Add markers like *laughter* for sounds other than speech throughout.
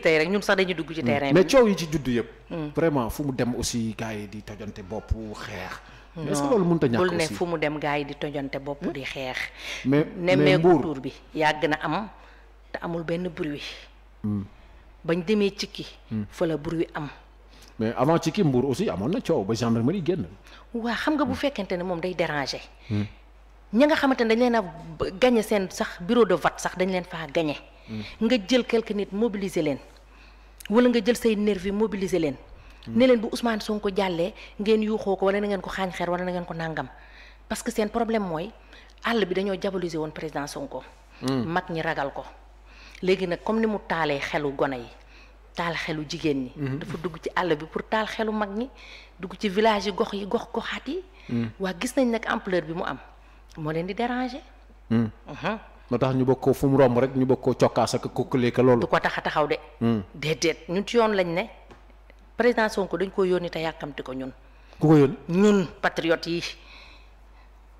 tey rek ñun sax dañuy dugg ci mm. terrain mais coow yi ci juddu yëpp. Mm. vraiment fu mu dem aussi gaa yi di tojante bopp xeex. mais mm. est-ce que loolu mënut ne fu mu dem gars yi di tojante bopp di xeex. mais mais bi yàgg na am te amul benn bruit. bañ demee Cikki. fa la bruit am. mais avant Cikki Mbour aussi amoon na coow ba ba gendarmerie génn. waa xam nga bu fekkente ne moom day déranger. ñi nga xamante ne dañ leen a gagné seen sax bureau de vote sax dañ leen faa gagné. nga jël quelques nit mobiliser leen. wala nga jël say nerf yi leen. ne leen bu Ousmane Sonko jàllee ngeen yuuxoo ko wala na ngeen ko xaañ xeer wala na ngeen ko nàngam parce que seen problème mooy àll bi dañoo jaboliser woon président Sonko. Hmm. mag ñi ragal ko. léegi nag comme ni mu taalee xelu gone yi taal xelu jigéen ñi. Hmm. dafa dugg ci àll bi pour taal xelu mag ñi dugg ci village yi gox yi gox goxaat yi. Hmm. waa gis nañ nag ampleur bi mu am moo leen di déranger. moo tax ñu bëgg ko fu romb rek ñu bëgg ko cokkaas ak kukkale ka loolu. du ko tax a taxaw de. Hmm. déedéet ñun ci yoon lañ ne président Sonko dañ ko yónni te yàkkamti ko ñun. ku ko yónni ñun yi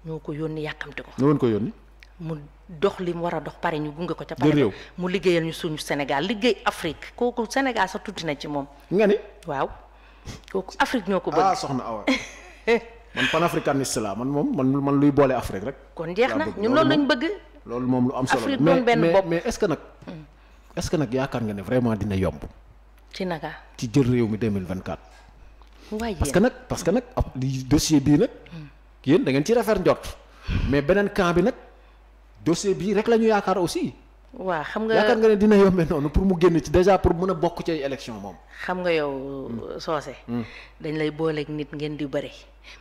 ñoo ko yónni yàkkamti ko. ñoo ko yónni. mu dox li war a dox pare ñu gunge ko ca pare mu liggéeyal ñu suñu Sénégal liggéey Afrique kooku Sénégal sax tuuti na ci moom. nga ni waaw kooku Afrique ñoo ko bëgg. Ah, soxna Awa *laughs* man panafricaniste la man moom man man luy boole Afrique rek. kon jeex na ñun loolu lañ bëgg. loolu moom lu am solo Afrique doon benn bopp mais est-ce que nag. est-ce que nag yaakaar nga ne vraiment dina yomb. ci naka. ci jël réew mi 2024. waaye parce que nag parce que nag ab li bii nag. yéen da ngeen ci rafet njort. mais beneen camp bi nag dossier bii rek la ñu yaakaar aussi. waaw xam nga yaakaar nga ne dina yombe noonu pour mu génn ci déjà pour mën a bokk ci ay élection moom. xam nga yow. Hmm. soose. Hmm. dañ lay booleek nit ngeen di bëri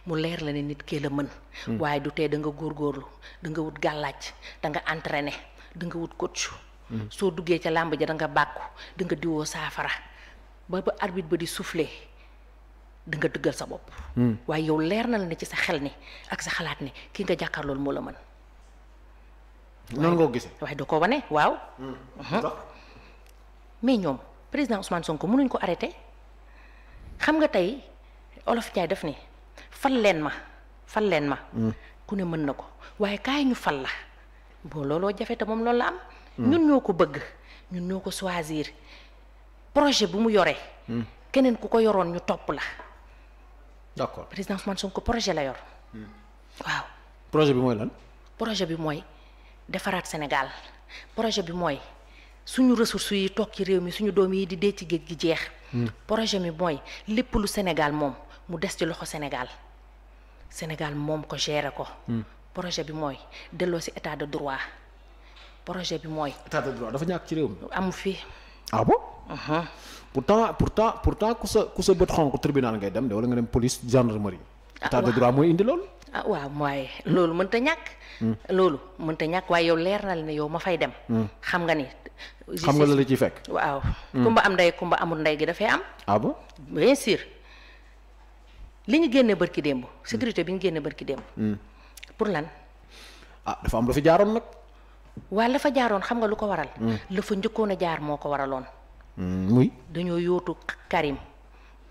mu leer la ne nit kee la mën. Hmm. waaye du tee da nga góorlu da nga wut gàllaaj danga nga entraîné da wut coach. soo duggee ca làmb ja danga nga bàkku da nga diwoo saafara ba ba arbitre ba di soufflé da nga dëggal sa bopp. waaye yow leer na la ne ci sa xel ni ak sa xalaat ni ki nga jàkkaarlool moo la mën. noonu nga ko gisee waaye da ko wane waaw. Hmm. Uh-huh. mais ñoom président Ousmane Sonko mënuñ ko arrêté xam nga tey olof Ndiaye def nii fal leen ma fal leen ma. Hmm. ku ne mën na ko waaye kaay ñu fal la bon looloo jafe te moom loolu la am. Hmm. ñun ñoo ko bëgg ñun ñoo ko choisir projet bu mu yore. keneen ku ko yoroon ñu topp la. d'accord président son ko projet la yor. waaw projet bi mooy lan. projet bi mooy. defaraat Sénégal projet bi mooy suñu ressources yi toog ci réew mi suñu doom yi di dee ci géej gi jeex. Hmm. projet bi mooy lépp lu Sénégal moom mu des ci loxo Sénégal Sénégal moom ko gérer ko. Hmm. projet bi mooy delloo si état de droit projet bi mooy. état de droit dafa ñàkk ci réew mi. amu fi. ah bon. Uh-huh. pourtant pourtant pourtant ku sa ku sa bët xonk tribunal ngay dem de wala nga dem police gendarmerie. Ah, état de droit mooy indi loolu. ah waaw waaye loolu mënta ñàkk. Hmm. loolu mënta ñàkk waaye yow leer na la ne yow ma fay dem. Hmm. xam nga ni. xam nga la la ci fekk. waaw. Hmm. kumba am ndey kumba amul ndey gi dafay am. ah bon bien li ñu génnee barki démb. sécurité bi ñu génne barki démb. pour lan. ah dafa am lu fi jaaroon nag. waa la fa jaaroon xam nga lu ko waral. la fa njëkkoon a jaar moo ko waraloon. muy dañoo yootu Karim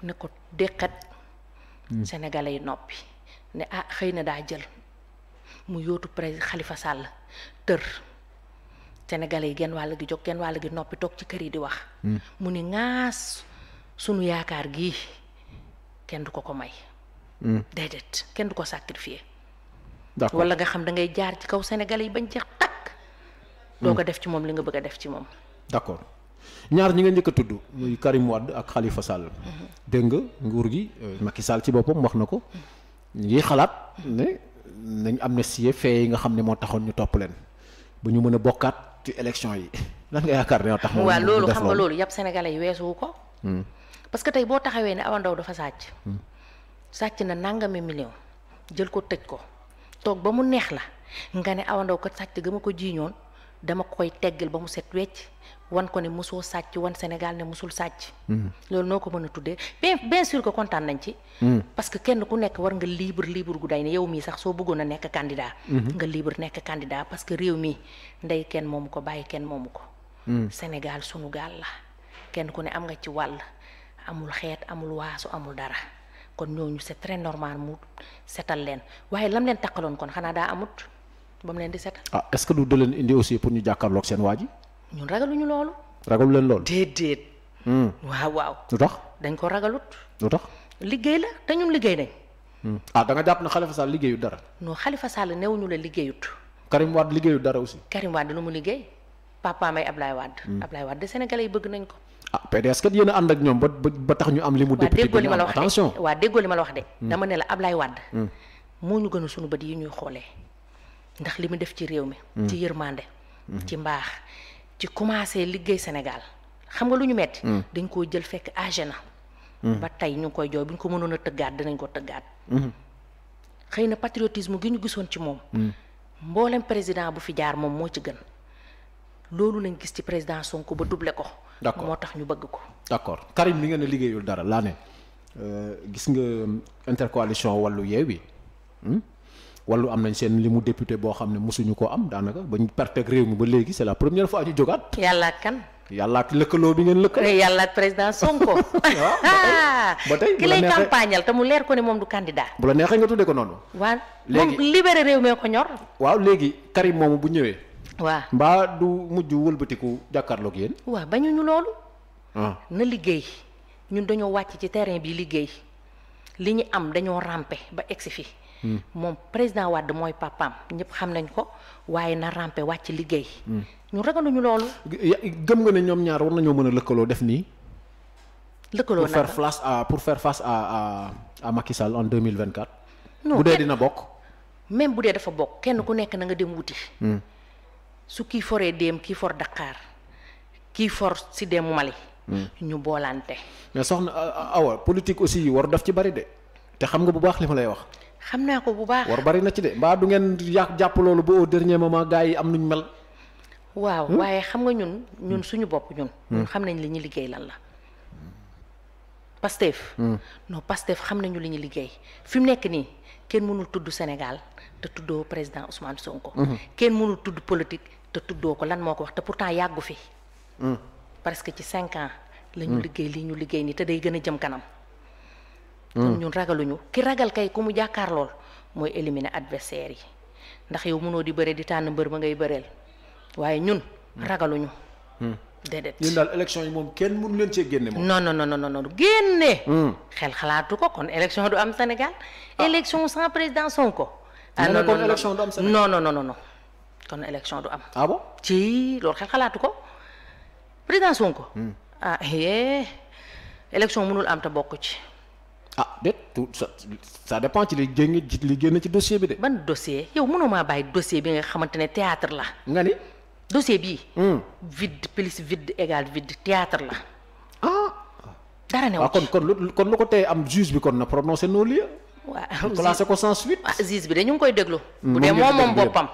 ne ko déqat. Sénégalais yi noppi. ne ah xëy na daa jël mu yootu président xalifa Sall tër sénégalais yi genn wàll gi jóg genn wàll gi noppi toog ci kër yi di wax hmm. mu ni ŋaas sunu yaakaar gi kenn du ko ko may hmm. déedéet kenn du ko sacrifier wala nga xam dangay jaar ci kaw sénégalais yi bañ jeex takk hmm. doo ko def ci moom li nga bëgg a def ci moom d'accord ñaar ñi nga njëkk a tudd muy Karim Wade ak Khalifa Sall dégg nguur gi euh, Macky Sall ci boppam wax na ko ñu ngi xalaat ne nañ amnistie fee yi nga xam ne moo taxoon ñu topp leen ba ñu mën a bokkaat ci élection yi lan nga yaakaar ne tax. waaw loolu xam nga loolu yàpp sénégalais yi weesuwu ko. Hmm. parce que tey boo taxawee ne Awa Ndao dafa sàcc. Hmm. sàcc na nangami million jël ko tëj ko toog ba mu neex la nga ne Awa ko kat sàcc ga ma ko jiiñoon. dama koy teggil ba mu set wecc wan ko ne mosoo sàcc wan Sénégal ne mosul sàcc. Mhm. loolu noo ko mën a tuddee bien bien sûr kontaan nañ ci. Mhm. parce que kenn ku nekk war nga libre libre gu day ne yow mii sax soo bëggoon a nekk candidat. Mhm. nga libre nekk candidat parce que réew mii ndey kenn moomu ko bàyyi kenn moomu ko. Sénégal sunu gaal la kenn ku ne am nga ci wàll amul xeet amul waasu amul dara. kon ñooñu c'est très normal mu setal leen waaye lam leen takkaloon kon xanaa daa amut. ba mu leen di setal. ah est-ce que du da leen indi aussi pour ñu jàkkaarloog seen waa ji. ñun ragaluñu loolu. ragalu leen loolu. déedéet. Hmm. waaw waaw. lu tax dañ ko ragalut. lu tax liggéey la te ñun liggéey nañ. Hmm. ah da nga jàpp ne Khalifa Sall liggéeyut dara. non Khalifa Sall newuñu la liggéeyut. Karim liggéeyut dara aussi. Karim Wade lu mu liggéey papa may Ablaye Wade. Hmm. Ablaye Wade Sénégalais yi bëgg nañ ko. ah PDS kat yéen ànd ak ñoom ba ba tax ñu am li mu député bi ñu am attention waaw déggoo li ma ne la Ablaye Wade moo ñu gën a sunu bët yi ñuy xoolee ndax li mu def ci réew mi. Mm. ci yërmande. Mm. ci mbaax ci commencé liggéey Sénégal xam nga lu ñu metti mm. dañ koo jël fekk âgé na. ba tey ñu ngi koy jooy bu ñu ko mënoon a tëggaat dinañ ko tëggaat. xëy na patriotisme gi ñu gisoon ci moom. mboolem président bu fi jaar moom moo ci gën. loolu lañ gis ci président Sonko ba doublé ko. d'accord moo tax ñu bëgg ko. d'accord Karim bi ngeen a liggéeyul dara laa ne. Euh, gis nga intercoalition wàllu yeewi hmm? wallu am nañ seen li mu député boo xam ne mosuñu koo am daanaka ba ñu perte ak réew mi ba léegi c'est la première fois ñu jógaat. yàlla ak kan. yàlla ak lëkkaloo bi ngeen lëkkaloo. Eh, yàlla ak président Sonko. *laughs* waaw ba tey *laughs* mu leer ne moom du candidat. bu la neexee nga tuddee ko noonu. waaw léegi moom libéré réew ñor. waaw léegi Karim moomu bu ñëwee. waaw mbaa du mujj wëlbatiku jàkkaarloog yéen. waaw bañu ñu loolu. Ah. na liggéey ñun dañoo wàcc ci terrain bi liggéey li ñu am dañoo ramper ba egsi fii Mm. moom président wadd mooy papaam ñëpp xam nañ ko waaye na rampe wàcc liggéey. Mm. ñu ragaluñu loolu. gëm nga ne ñoom ñaar war nañoo mën a lëkkaloo def nii. lëkkaloo pour faire pour faire face à à à Macky Sall mille vingt quatre. bu dee dina bokk. même bu dee dafa bokk kenn ku nekk na nga dem wuti. Mm. su kii foree dem kii for Dakar kii for si Mali. ñu boolante. mais soxna Awa politique aussi war daf ci bari de te xam nga bu baax li ma lay wax. xam naa ko bu baax. war bari na ci de mbaa du ngeen yàq jàpp loolu ba au dernier moment gars yi am nuñ mel. waaw hmm? waaye xam nga ñun ñun hmm. suñu bopp ñun. Hmm. ñun xam nañ li ñu liggéey lan la. Pastef. non Pastef xam nañu li ñu liggéey fi nekk nii kenn mënul tudd Sénégal te tuddoo président Ousmane Sonko. kenn mënul tudd politique te tuddoo ko lan moo ko wax te pourtant yàggu fi. parce que ci cinq ans. lañu liggéey lii ñu liggéey nii te day gën a jëm kanam. ñun mm. ñun ragaluñu ki ragal kay ku mu jàkkaar lool mooy éliminer adversaire yi ndax yow mënoo di bëre di tànn mbër ba ngay bëreel waaye ñun mm. ragaluñu mm. déedéet ñun daal élection yi moom kenn mënu leen cee génne moom non non non non xel xalaatu ko kon élection du am Sénégal ah. élection sans président Sonko ah non kon élection du am Sénégal non du am ah ci loolu xel xalaatu ko président Sonko ah eh. élection mënul am te bokk ci ah déet tout ça sa dépend ci li génn ci ci dossier bi de. ban dossier yow mënoo maa bàyyi dossier bi nga xamante ne théâtre la. nga ni. dossier bii. Hmm. vide plus vide égal vide théâtre la. ah. dara ne waaw ah, kon kon lu kon lu ko tey am juge bi kon na prononcé nos lieux. waaw ko sans suite. Ah, juge bi de ñu ngi koy déglu. Hmm, hmm. bu dee moom moom boppam.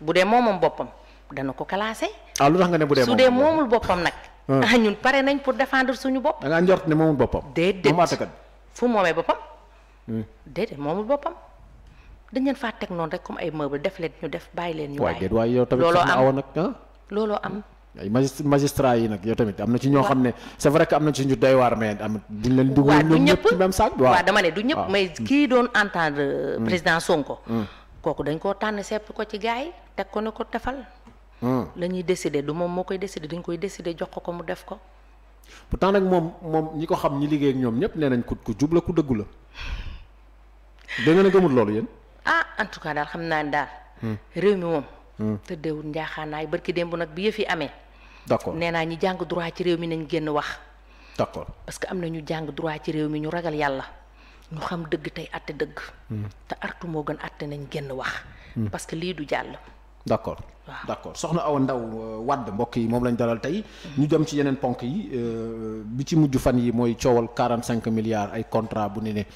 bu dee moom moom boppam dana ko classé. ah lu tax nga ne bu dee moom su dee moomul boppam nag. ah *laughs* ñun pare nañ pour défendre suñu bopp. da ngaa njort ne moomul boppam. déedéet moom fu moomee boppam. Hmm. de moomul boppam. dañ leen faa teg noonu rek comme ay meuble def leen ñu def bàyyi leen. ñu waay déedéet waaye yow tamit looloo ah. am. ay magistrat yi nag yow tamit am na ci ñoo xam ne c'est vrai que am na ci ñu doy waar mais am duñ leen dugal ñëpp ci même sac waaw dama ne du ñëpp mais hmm. kii doon entendre euh, hmm. président Sonko kooku dañ koo tànn sepp ko ci gars yi teg ko ne ko defal la ñuy décider du moom moo koy décider dañ koy décider jox ko ko mu def ko tax nag moom moom ñi ko xam ñi liggéey ak ñoom ñëpp nee nañ ku ku jub la ku dëggu la da ngeen a loolu yéen. ah en tout cas daal xam naa ne daal. Hmm. réew mi moom. Hmm. tëddeewul njaaxaanaay barki démb nag bi yëf yi amee. d' nee naa ñi jàng droit ci réew mi nañ génn wax. d' accord parce que am na ñu jàng droit ci réew mi ñu ragal yàlla. ñu xam dëgg tey àtte dëgg. Hmm. te artu moo gën àtte nañ génn wax. parce que lii du jàll. d' accord d' accord soxna Awa Ndaw euh, Wade mbokk yi moom lañ dalal tey mhm. ñu jëm ci yeneen ponk yi euh, bi ci mujj fan yi mooy coowal quarante cinq milliards ay contrat bu ne ne